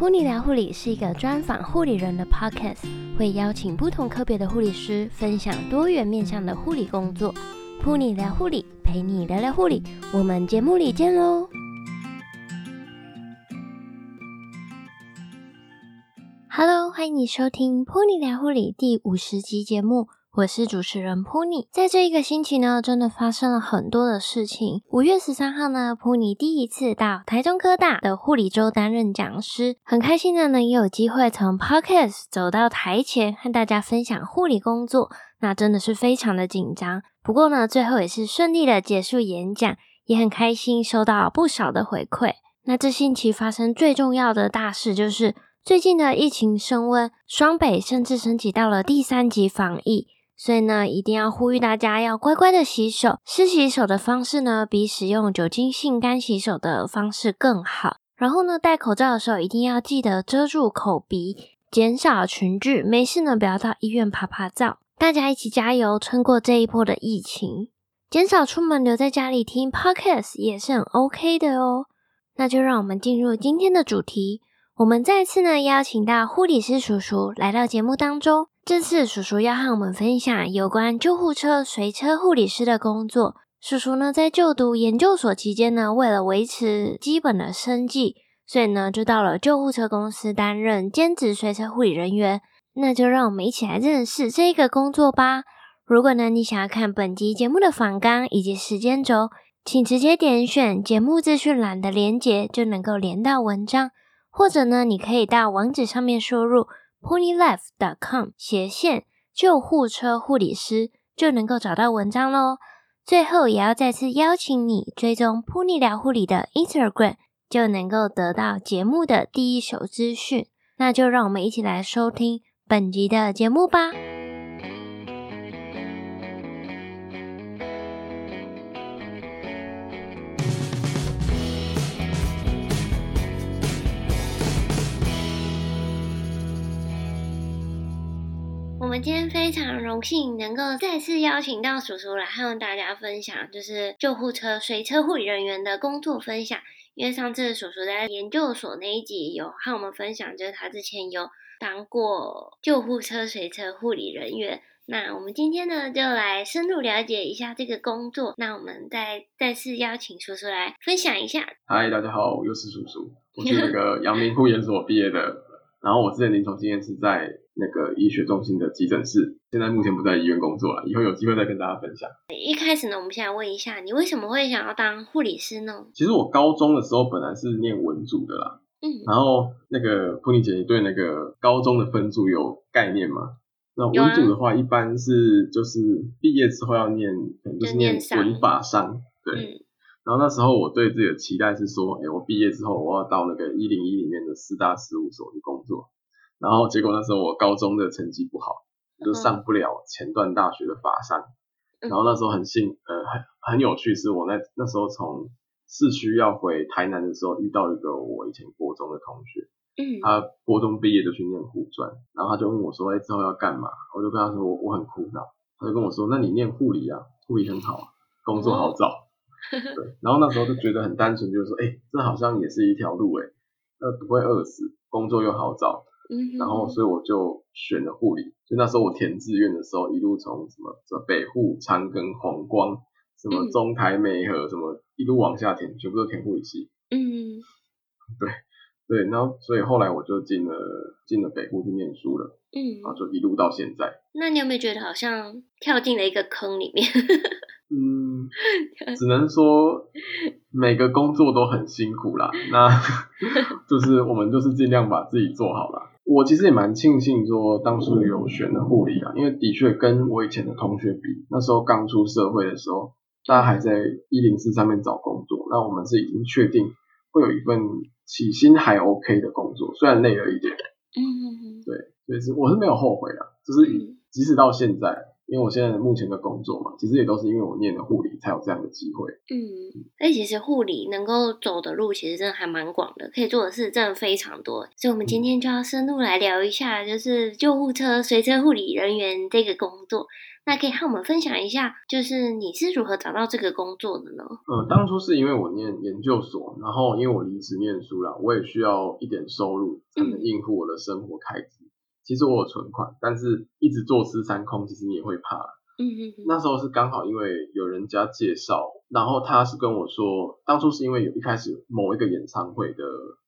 噗妮聊護理是一個專訪護理人的 podcast，會邀請不同科別的護理師分享多元面向的護理工作。噗妮聊護理，陪你聊聊護理，我們節目裡見嘍。哈嘍，Hello, 歡迎你收聽噗妮聊護理第五十集節目。我是主持人 Puni，在這一個星期呢，真的發生了很多的事情。五月十三號呢，Puni 第一次到台中科大的護理周擔任講師，很開心的呢，也有機會從 podcast 走到台前，和大家分享護理工作，那真的是非常的緊張。不過呢，最後也是順利的結束演講，也很開心收到了不少的回饋。那這星期發生最重要的大事，就是最近的疫情升溫，雙北甚至升級到了第三級防疫。所以呢，一定要呼籲大家要乖乖的洗手。濕洗手的方式呢，比使用酒精性乾洗手的方式更好。然後呢，戴口罩的時候一定要記得遮住口鼻，減少群聚。沒事呢，不要到醫院趴趴走。大家一起加油，撐過這一波的疫情。減少出門，留在家裡聽 podcast 也是很 OK 的哦。那就讓我們進入今天的主題。我們再次呢，邀請到護理師叔叔來到節目當中。這次叔叔要和我們分享有關救護車隨車護理師的工作。叔叔呢，在就讀研究所期間呢，為了維持基本的生計，所以呢，就到了救護車公司擔任兼職隨車護理人員。那就讓我們一起來認識這個工作吧。如果呢，你想要看本集節目的訪綱以及時間軸，請直接點選節目資訊欄的連結，就能夠連到文章。或者呢，你可以到網址上面輸入。PuniLife.com 斜線救護車護理師，就能夠找到文章嘍。最後也要再次邀請你追蹤噗妮聊護理的 Instagram，就能夠得到節目的第一手資訊。那就讓我們一起來收聽本集的節目吧。我們今天非常榮幸能夠再次邀請到叔叔來和大家分享，就是救護車隨車護理人員的工作分享。因為上次叔叔在研究所那一集有和我們分享，就是他之前有當過救護車隨車護理人員。那我們今天呢，就來深入了解一下這個工作。那我們再再次邀請叔叔來分享一下。嗨，大家好，我是叔叔，我是那個陽明護研所畢業的。 然後我之前臨床經驗是在那個醫學中心的急診室，現在目前不在醫院工作了，以後有機會再跟大家分享。一開始呢，我們先來問一下，你為什麼會想要當護理師呢？其實我高中的時候本來是念文組的啦，嗯，然後那個 Puni 姐姐，你對那個高中的分組有概念嗎？那文組的話，一般是就是畢業之後要念，可能就是念文法商，嗯、對。嗯然後那時候我對自己的期待是說，哎，我畢業之後我要到那個一零一裡面的四大事務所去工作。然後結果那時候我高中的成績不好，我就上不了前段大學的法商。嗯。然後那時候很幸，呃，很很有趣是，是我那那時候從市區要回台南的時候，遇到一個我以前國中的同學。嗯。他國中畢業就去念護專，然後他就問我說：“哎，之後要幹嘛？”我就跟他說：“我我很苦惱。”他就跟我說：“那你念護理啊，護理很好，工作好找。”嗯 然後那時候就覺得很單純，就是說，哎、欸，這好像也是一條路，欸，哎，那不會餓死，工作又好找，嗯，然後所以我就選了護理。就那時候我填志願的時候，一路從什麼，什麼北護、長庚、弘光，什麼中台、美和、嗯，什麼一路往下填，全部都填護理系。嗯，對，對，然後所以後來我就進了進了北護去念書了。嗯，然後就一路到現在。那你有沒有覺得好像跳進了一個坑裡面？ 嗯，只能說每個工作都很辛苦啦。那就是我們就是盡量把自己做好啦。我其實也蠻慶幸說當初有選了護理啦，因為的確跟我以前的同學比，那時候剛出社會的時候，大家還在一零四上面找工作，那我們是已經確定會有一份起薪還 OK 的工作，雖然累了一點。嗯，對，所以是我是沒有後悔的，就是以即使到現在。因為我現在目前的工作嘛，其實也都是因為我念了護理才有這樣的機會。嗯，哎，其實護理能夠走的路其實真的還蠻廣的，可以做的事真的非常多。所以，我們今天就要深入來聊一下，就是救護車、嗯、隨車護理人員這個工作。那可以和我們分享一下，就是你是如何找到這個工作的呢？嗯，當初是因為我念研究所，然後因為我離職念書了，我也需要一點收入，才能應付我的生活開支。嗯其實我有存款，但是一直坐吃山空，其實你也會怕。嗯嗯。那時候是剛好因為有人家介紹，然後他是跟我說，當初是因為有一開始某一個演唱會的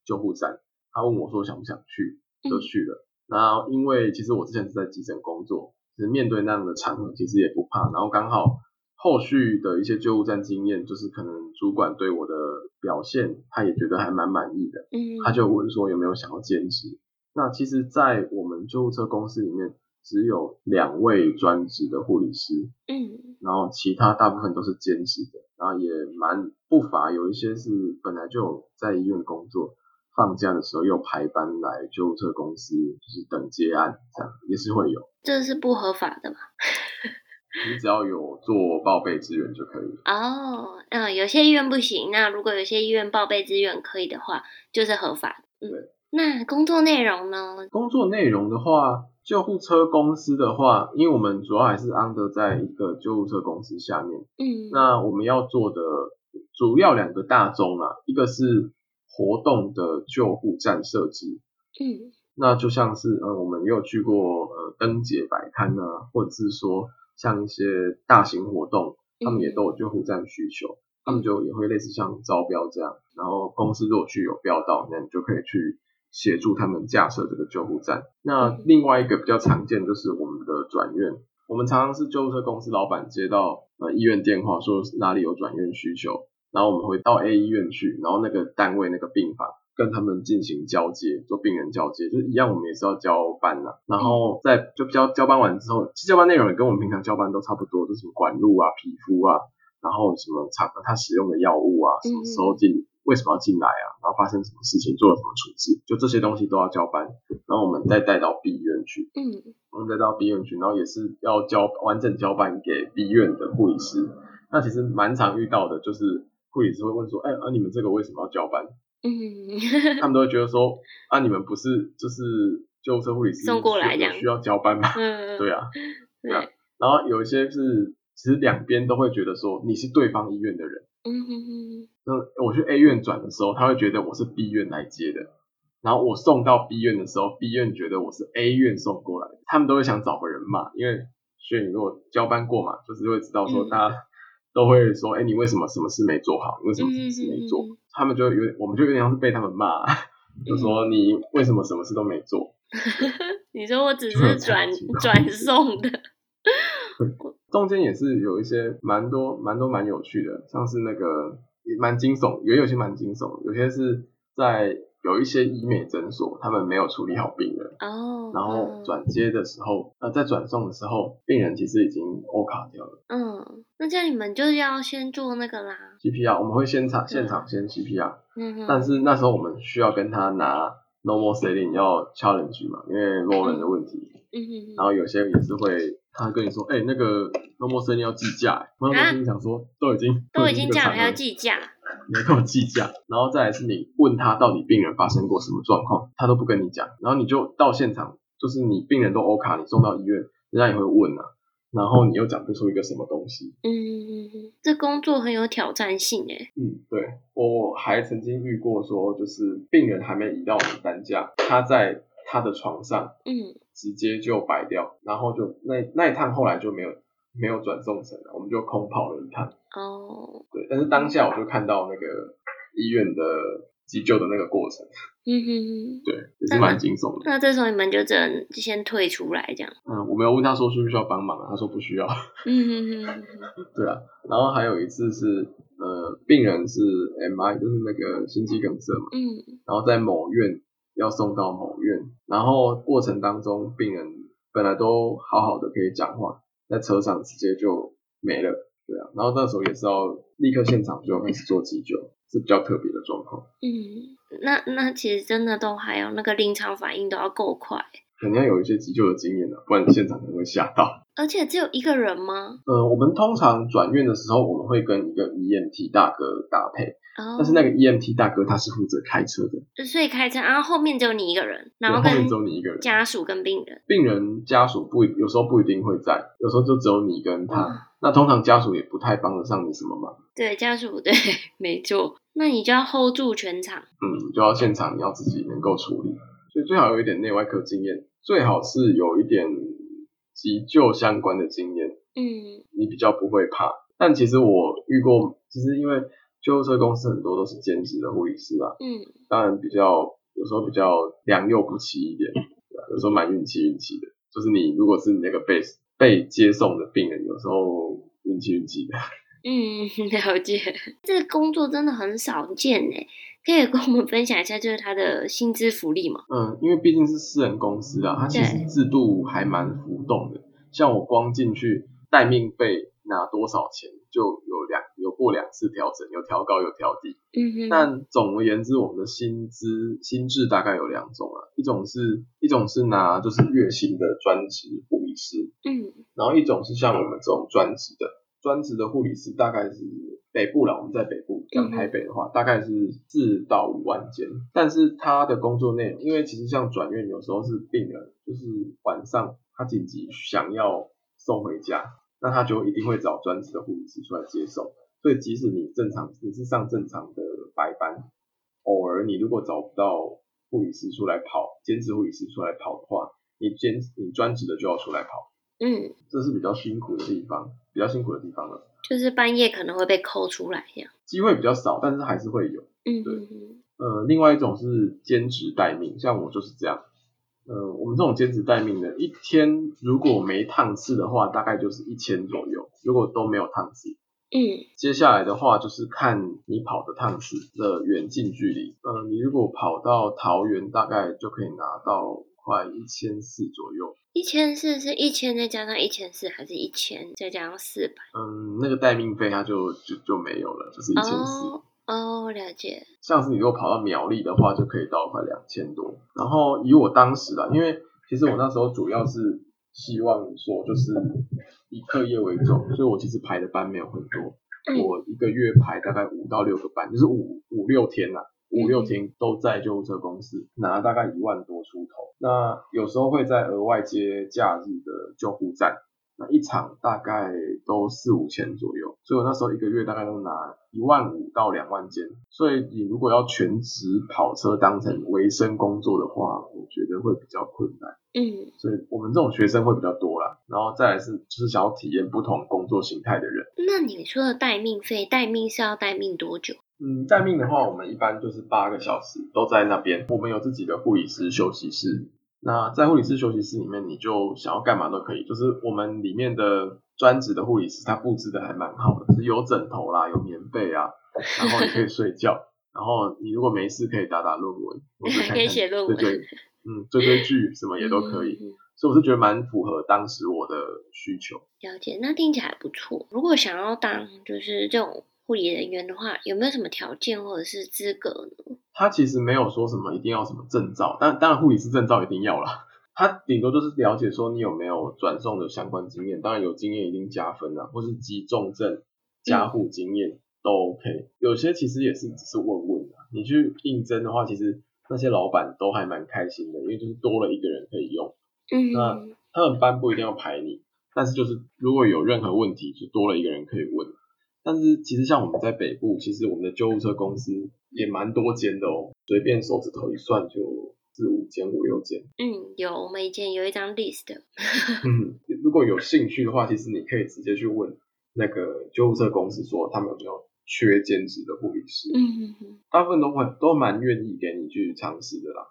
救護站，他問我說想不想去，就去了。嗯，然後因為其實我之前是在急診工作，其實面對那樣的場合，其實也不怕。然後剛好後續的一些救護站經驗，就是可能主管對我的表現，他也覺得還蠻滿意的。嗯。他就問說有沒有想要兼職。那其實，在我們救護車公司裡面，只有兩位專職的護理師，嗯，然後其他大部分都是兼職的，然後也蠻不乏，有一些是本來就在醫院工作，放假的時候又排班來救護車公司，就是等接案這樣，也是會有。這是不合法的嘛？你 只要有做報備支援就可以。哦，嗯，有些醫院不行，那如果有些醫院報備支援可以的話，就是合法的。嗯。對那工作內容呢？工作內容的話，救護車公司的話，因為我們主要還是 under 在一個救護車公司下面。嗯，那我們要做的主要兩個大宗啊，一個是活動的救護站設置。嗯，那就像是呃、嗯，我們也有去過呃燈節擺攤啊，或者是說像一些大型活動，他們也都有救護站需求，嗯，他們就也會類似像招標這樣，然後公司如果去有標到，那你就可以去。協助他們架設這個救護站。那另外一個比較常見就是我們的轉院，我們常常是救護車公司老板接到呃醫院電話說哪裡有轉院需求，然後我們會到 A 醫院去，然後那個單位那個病房跟他們進行交接，做病人交接，就是一樣，我們也是要交班吶啊。然後在就交交班完之後，其實交班內容也跟我們平常交班都差不多，就什麼管路啊、皮膚啊，然後什麼他他使用的藥物啊，什麼時候進。嗯為什麼要進來啊？然後發生什麼事情，做了什麼處置，就這些東西都要交班，然後我們再帶到 B 醫院去。嗯，我們再到 B 醫院去，然後也是要交完整交班給 B 醫院的護理師。那其實蠻常遇到的，就是護理師會問說：“哎、欸，而、啊、你們這個為什麼要交班？”嗯， 他們都會覺得說：“啊，你們不是就是救護車護理師的送過來這樣，需要交班嗎？” 對啊，對啊。然後有一些是，其實兩邊都會覺得說，你是對方醫院的人。嗯哼哼，那我去 A 院轉的時候，他會覺得我是 B 院來接的，然後我送到 B 院的時候，B 院覺得我是 A 院送過來的，他們都會想找個人罵，因為所以你如果交班過嘛，就是會知道說大家都會說，哎、Mm-hmm. 欸，你為什麼什麼事沒做好，你為什麼什麼事沒做？Mm-hmm. 他們就有點我們就有點像是被他們罵、啊，就說你為什麼什麼事都沒做？Mm-hmm. 你說我只是轉轉送的。 中間也是有一些蠻多蠻多蠻有趣的，像是那個也蠻驚悚，也有一些蠻驚悚，有些是在有一些醫美診所，他們沒有處理好病人，哦，然後轉接的時候，嗯、呃，在轉送的時候，病人其實已經 O 卡掉了，嗯，那這樣你們就是要先做那個啦，CPR，我們會現場現場先 CPR，嗯，但是那時候我們需要跟他拿 normal saline 要 challenge 嘛，因為 low 人的問題，嗯哼，然後有些也是會。他跟你說，哎、欸，那個那陌生人要計價、欸，啊、我曾經想說，都已經都已經講了經，還要計價，還要跟我計價。 然後再來是你問他到底病人發生過什麼狀況，他都不跟你講。然後你就到現場，就是你病人都 O 卡，你送到醫院，人家也會問啊。然後你又講不出一個什麼東西。嗯，這工作很有挑戰性誒、欸。嗯，對，我還曾經遇過說，就是病人還沒移到我們擔架，他在他的床上。嗯。直接就擺掉，然後就那那一趟後來就沒有沒有轉送成了，我們就空跑了一趟。哦，對，但是當下我就看到那個醫院的急救的那個過程，嗯哼哼，對，也是蠻驚悚的。那，那這時候你們就只能先退出來這樣。嗯，我沒有問他說需不需要幫忙啊，他說不需要。嗯哼哼，對啊。然後還有一次是呃，病人是 MI，就是那個心肌梗塞嘛。嗯，然後在某院。要送到某院，然後過程當中病人本來都好好的可以講話，在車上直接就沒了，對啊。然後那時候也是要立刻現場就開始做急救，是比較特別的狀況。嗯，那那其實真的都還要那個臨場反應都要夠快，肯定要有一些急救的經驗的啊，不然現場可能會嚇到。而且只有一個人嗎？呃，我們通常轉院的時候，我們會跟一個 EMT 大哥搭配。但是那個 E M T 大哥他是負責開車的，就所以開車，然後後面只有你一個人，然後後面只有你一個人，家屬跟病人，病人家屬不，有時候不一定會在，有時候就只有你跟他。嗯、那通常家屬也不太幫得上你什麼忙，對家屬不對，沒錯，那你就要 hold 住全場，嗯，就要現場你要自己能夠處理，所以最好有一點內外科經驗，最好是有一點急救相關的經驗，嗯，你比較不會怕。但其實我遇過，其實因為。救護車公司很多都是兼職的護理師啊，嗯，當然比較有時候比較良莠不齊一點，對啊，有時候蠻運氣運氣的。就是你如果是你那個被被接送的病人，有時候運氣運氣的。嗯，了解，這個工作真的很少見哎、欸，可以跟我們分享一下就是他的薪資福利嗎？嗯，因為畢竟是私人公司啊，它其實制度還蠻浮動的。像我光進去待命費拿多少錢就有兩。有過兩次調整，有調高有調低。嗯哼。但總而言之，我們的薪資薪資大概有兩種啊，一種是，一種是拿就是月薪的專職護理師。嗯。然後一種是像我們這種專職的專職的護理師，大概是北部啦，我們在北部，像台北的話，嗯，大概是四到五萬間。但是他的工作內容，因為其實像轉院，有時候是病人就是晚上他緊急想要送回家，那他就一定會找專職的護理師出來接送。所以，即使你正常，你是上正常的白班，偶爾你如果找不到護理師出來跑，兼職護理師出來跑的話，你兼你專職的就要出來跑。嗯，這是比較辛苦的地方，比較辛苦的地方了。就是半夜可能會被扣出來這樣，機會比較少，但是還是會有。嗯，對。呃，另外一種是兼職待命，像我就是這樣。呃，我們這種兼職待命呢，一天，如果沒趟次的話，大概就是一千左右。如果都沒有趟次。嗯，接下來的話就是看你跑的趟次的遠近距離。嗯，你如果跑到桃園，大概就可以拿到快一千四左右。一千四是一千再加上一千四，還是一千再加上四百？嗯，那個待命費它就就就沒有了，就是一千四。哦、oh, oh，我了解。像是你如果跑到苗栗的話，就可以到快兩千多。然後以我當時啊，因為其實我那時候主要是、嗯。希望說就是以課業為重，所以我其實排的班沒有很多，我一個月排大概五到六個班，就是五五六天呐、啊，五六天都在救護車公司拿了大概一萬多出頭，那有時候會在額外接假日的救護站。那一場大概都四五千左右，所以我那時候一個月大概都拿一萬五到兩萬間。所以你如果要全職跑車當成維生工作的話，我覺得會比較困難。嗯，所以我們這種學生會比較多啦。然後再來是就是想要體驗不同工作形態的人。那你說的待命費，待命是要待命多久？嗯，待命的話，我們一般就是八個小時都在那邊，我們有自己的護理師休息室。那在護理師休息室裡面，你就想要幹嘛都可以。就是我們裡面的專職的護理師，他布置的還蠻好的，就是有枕頭啦，有棉被啊，然後你可以睡覺， 然後你如果沒事可以打打論文，我看看 可以寫論文，對，對對，嗯，追追劇什麼也都可以。 嗯、所以我是覺得蠻符合當時我的需求。了解，那聽起來還不錯。如果想要當就是這種。護理人員的話有沒有什麼條件或者是資格呢？他其實沒有說什麼一定要什麼證照，當當然護理師證照一定要啦。他頂多就是了解說你有沒有轉送的相關經驗，當然有經驗一定加分啦，或是急重症加護經驗、嗯、都 OK。有些其實也是只是問問的，你去應徵的話，其實那些老闆都還蠻開心的，因為就是多了一個人可以用。嗯哼哼，那他們班不一定要排你，但是就是如果有任何問題，就多了一個人可以問。但是其實像我們在北部，其實我們的救護車公司也蠻多間的哦，隨便手指頭一算就四五間五六間。嗯，有，我們以前有一張 list。嗯， 如果有興趣的話，其實你可以直接去問那個救護車公司，說他們有沒有缺兼職的護理師？嗯哼哼，大部分都會都蠻願意給你去嘗試的啦。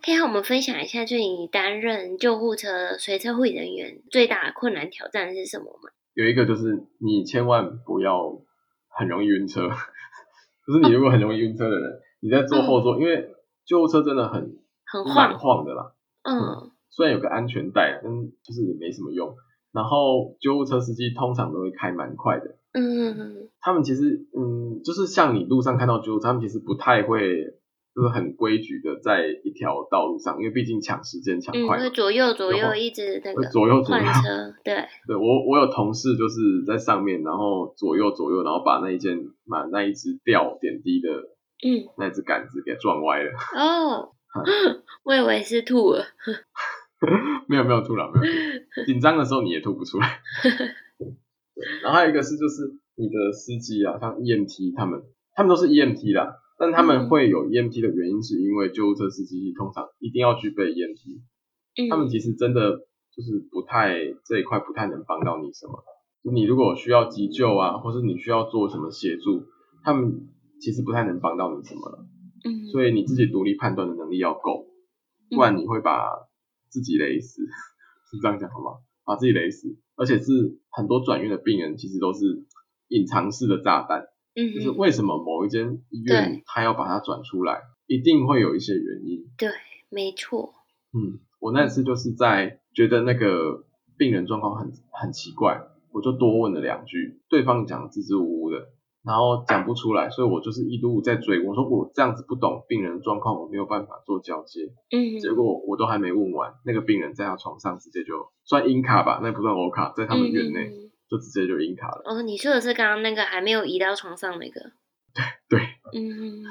可、okay，以，和我們分享一下，就你擔任救護車隨車護理人員，最大的困難挑戰是什麼嗎？有一個就是你千萬不要很容易暈車， 就是你如果很容易暈車的人，嗯，你在坐後座，因為救護車真的很很晃，晃的啦，嗯，雖然有個安全帶，但就是也沒什麼用。然後救護車司機通常都會開蠻快的，嗯，他們其實嗯，就是像你路上看到救護車，他們其實不太會。就是很規矩的，在一條道路上，因為畢竟搶時間搶快。嗯、左右左右一直在，左右左車，對。對，我我有同事就是在上面，然後左右左右，然後把那一件把那一隻吊點滴的嗯，那一隻桿子給撞歪了。哦，我以為是吐了。 沒有沒有吐了，沒有吐。緊張的時候你也吐不出來。 然後還有一個是，就是你的司機啊，像 E M T 他們，他們都是 E M T 的，啊。但他們會有 EMT 的原因，是因為救護車司機通常一定要具備 EMT，他們其實真的就是不太這一塊不太能幫到你什麼。就你如果需要急救啊，或是你需要做什麼協助，他們其實不太能幫到你什麼了。嗯，所以你自己獨立判斷的能力要夠，不然你會把自己累死，是這樣講好嗎？把自己累死，而且是很多轉院的病人其實都是隱藏式的炸彈。嗯，就是為什麼某一間醫院他要把它轉出來，一定會有一些原因。對，沒錯。嗯，我那次就是在覺得那個病人狀況很很奇怪，我就多問了兩句，對方講支支吾吾的，然後講不出來，所以我就是一路在追。我說我這樣子不懂病人狀況，我沒有辦法做交接。嗯，結果我都還沒問完，那個病人在他床上直接就算 in 卡吧，那不算 out 卡，在他們院內。嗯就直接就印卡了哦！你說的是剛剛那個還沒有移到床上那個？對對，嗯。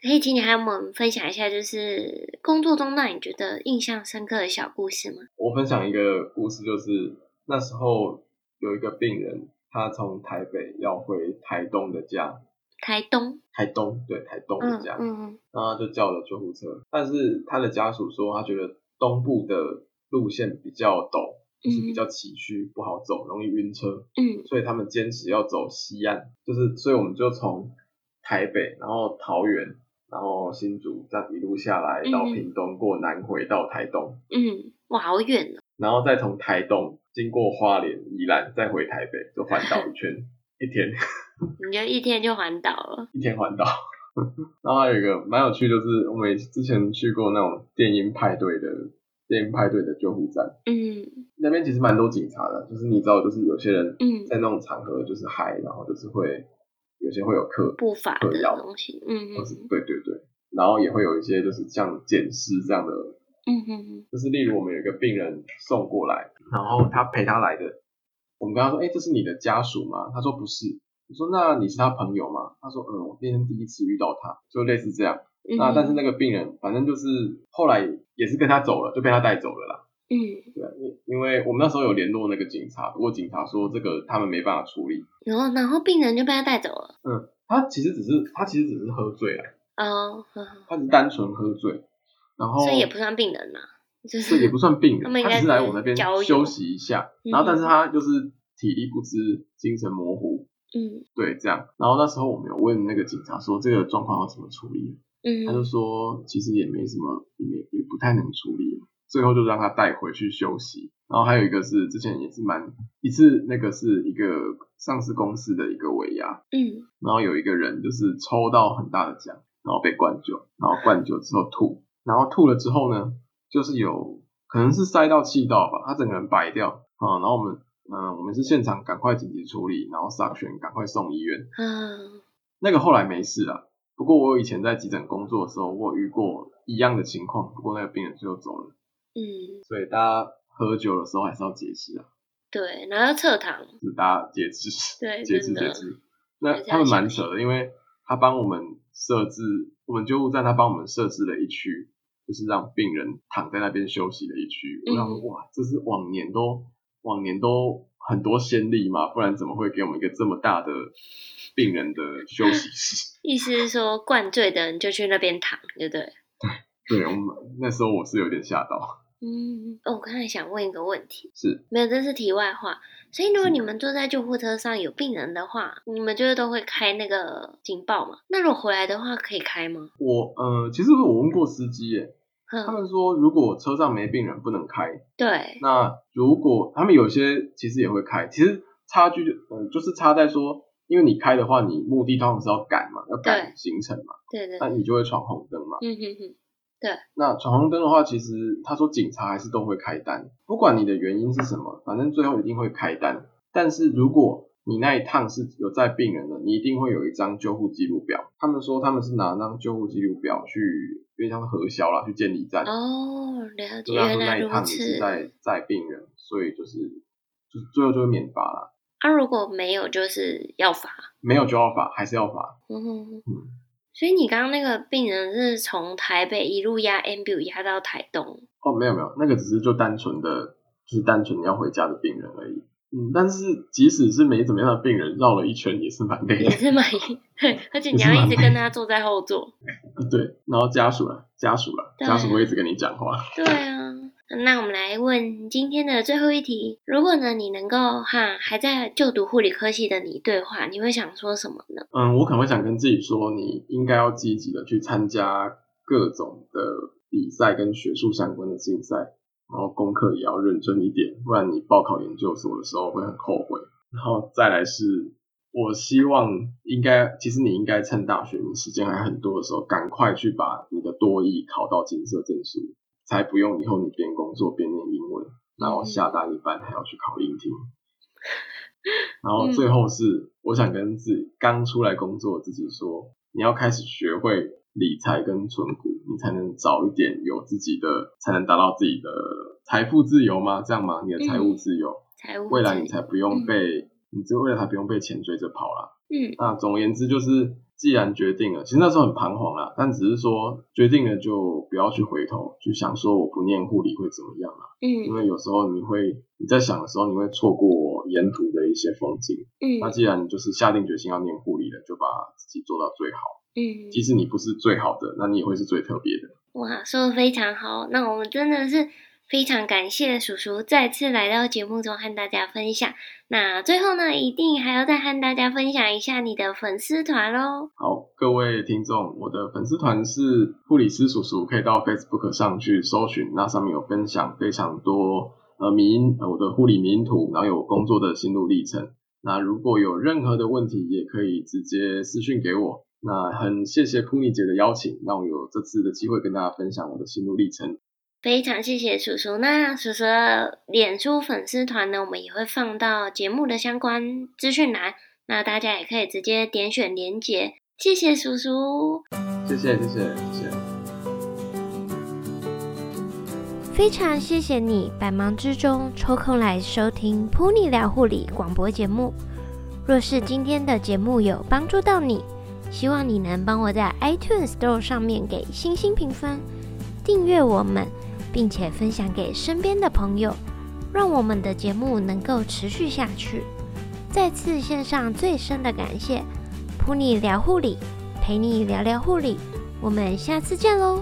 可以，請你還有沒有分享一下，就是工作中讓你覺得印象深刻的小故事嗎？我分享一個故事，就是那時候有一個病人，他從台北要回台東的家。台東？台東，對，台東的家。嗯嗯嗯。然後他就叫了救護車，但是他的家屬說，他覺得東部的路線比較陡。嗯、就是比較崎嶇，不好走，容易暈車。嗯，所以他們堅持要走西岸，就是所以我們就從台北，然後桃園，然後新竹，這樣一路下來到屏東，過南回，到台東。嗯，嗯，哇，好遠呢。然後再從台東經過花蓮、宜蘭，再回台北，就環島一圈， 一天。 你就一天就環島了？一天環島。 然後還有一個蠻有趣，就是我們之前去過那種電音派對的。電音派對的救護站，嗯，那邊其實蠻多警察的，就是你知道，就是有些人，嗯，在那種場合就是嗨、嗯，然後就是會有些會有嗑，不法的東西，的嗯，對對對，然後也會有一些就是像檢屍這樣的，嗯嗯嗯，就是例如我們有一個病人送過來，然後他陪他來的，我們跟他說，哎、欸，這是你的家屬嗎？他說不是，我說那你是他朋友嗎？他說嗯，我今天第一次遇到他，就類似這樣。那但是那個病人反正就是後來也是跟他走了，就被他帶走了啦。嗯，對，因因為我們那時候有聯絡那個警察，不過警察說這個他們沒辦法處理。然後、哦、然後病人就被他帶走了。嗯，他其實只是他其實只是喝醉了。哦呵呵，他是單純喝醉，然後這也不算病人嘛。啊，這、就是、也不算病人，他們應他只是來我那邊休息一下嗯嗯，然後但是他就是體力不支，精神模糊。嗯，對，這樣。然後那時候我們有問那個警察說這個狀況要怎麼處理。他就說，其實也沒什麼，也也不太能處理，最後就讓他帶回去休息。然後還有一個是之前也是蠻一次，那個是一個上市公司的一個尾牙，嗯，然後有一個人就是抽到很大的獎，然後被灌酒，然後灌酒之後吐，然後吐了之後呢，就是有可能是塞到氣道吧，他整個人白掉啊，嗯。然後我們嗯，我們是現場趕快緊急處理，然後上車趕快送醫院。嗯，那個後來沒事了。不過我以前在急診工作的時候，我遇過一樣的情況，不過那個病人最後走了。嗯，所以大家喝酒的時候還是要節制啊。對，然後側躺，是大家節制。對，節制，節制。那他們蠻扯的，因為他幫我們設置，嗯，他幫我們設置，我們就在他幫我們設置了一區，就是讓病人躺在那邊休息的一區。嗯，我覺得哇，這是往年都。往年都很多先例嘛，不然怎麼會給我們一個這麼大的病人的休息室？啊，意思是說，灌醉的人就去那邊躺，對不對？對，對，我們那時候我是有點嚇到。嗯，哦，我剛才想問一個問題，是。沒有，這是題外話。所以，如果你們坐在救護車上有病人的話，你們就是都會開那個警報嘛？那如果回來的話，可以開嗎？我呃，其實我問過司機耶。他們說，如果車上沒病人不能開。嗯、對。那如果他們有些其實也會開，其實差距就嗯、呃，就是差在說，因為你開的話，你目的當然是要趕嘛，要趕行程嘛。對對，對對。那你就會闖紅燈嘛。嗯哼哼、嗯。對。那闖紅燈的話，其實他說警察還是都會開單，不管你的原因是什麼，反正最後一定會開單。但是如果你那一趟是有載病人的，你一定會有一張救護記錄表。他們說他們是拿那張救護記錄表去，因為他們核銷了，去建立賬。哦，了解，原來如此。那一趟也是載載病人，所以就是就最後就會免罰了。啊，如果沒有就是要罰，沒有就要罰，還是要罰。嗯嗯，所以你剛剛那個病人是從台北一路壓 M B U 壓到台東。哦，沒有沒有，那個只是就單純的就是單純要回家的病人而已。嗯，但是即使是沒怎麼樣的病人，繞了一圈也是蠻累的，也是蠻累， 而且你要一直跟他坐在後座。對，然後家屬了、啊，家屬了、啊，家屬會一直跟你講話。對啊，那我們來問今天的最後一題：如果呢，你能夠哈還在就讀護理科系的你對話，你會想說什麼呢？嗯，我可能會想跟自己說，你應該要積極的去參加各種的比賽跟學術相關的競賽。然後功課也要認真一點，不然你報考研究所的時候會很後悔。然後再來是，我希望應該，其實你應該趁大學你時間還很多的時候，趕快去把你的多益考到金色證書，才不用以後你邊工作邊念英文，嗯、然後下大一班還要去考英聽，嗯。然後最後是，我想跟自己剛出來工作自己說，你要開始學會。理財跟存股，你才能早一點有自己的，才能達到自己的財富自由嗎？這樣嗎？你的財務自由，財務自由、嗯、未來你才不用被，嗯、你這未來才不用被錢追着跑啦。嗯。那總而言之，就是既然決定了，其實那時候很彷徨啊，但只是說決定了就不要去回頭去想說我不念護理會怎麼樣啦。嗯。因為有時候你會你在想的時候，你會錯過沿途的一些風景。嗯。那既然就是下定決心要念護理了，就把自己做到最好。嗯，即使你不是最好的，那你也會是最特別的。哇，說得非常好。那我們真的是非常感謝叔叔再次來到節目中和大家分享。那最後呢，一定還要再和大家分享一下你的粉絲團哦。好，各位聽眾，我的粉絲團是護理師叔叔，可以到 Facebook 上去搜尋，那上面有分享非常多呃迷因呃，我的護理迷因圖，然後有工作的心路歷程。那如果有任何的問題，也可以直接私訊給我。.那很謝謝 Puni 姐的邀請，讓我有這次的機會跟大家分享我的心路歷程。非常謝謝叔叔，那叔叔臉書粉絲團呢，我們也會放到節目的相關資訊欄，那大家也可以直接點選連結。謝謝叔叔，謝謝謝謝謝，謝。非常謝謝你，百忙之中，抽空來收聽 Puni 聊護理廣播節目。若是今天的節目有幫助到你，希望你能幫我，在 iTunes Store 上面給星星評分、訂閱我們，並且分享給身邊的朋友，讓我們的節目能夠持續下去。再次獻上最深的感謝，噗妮聊護理，陪你聊聊護理，我們下次見嘍。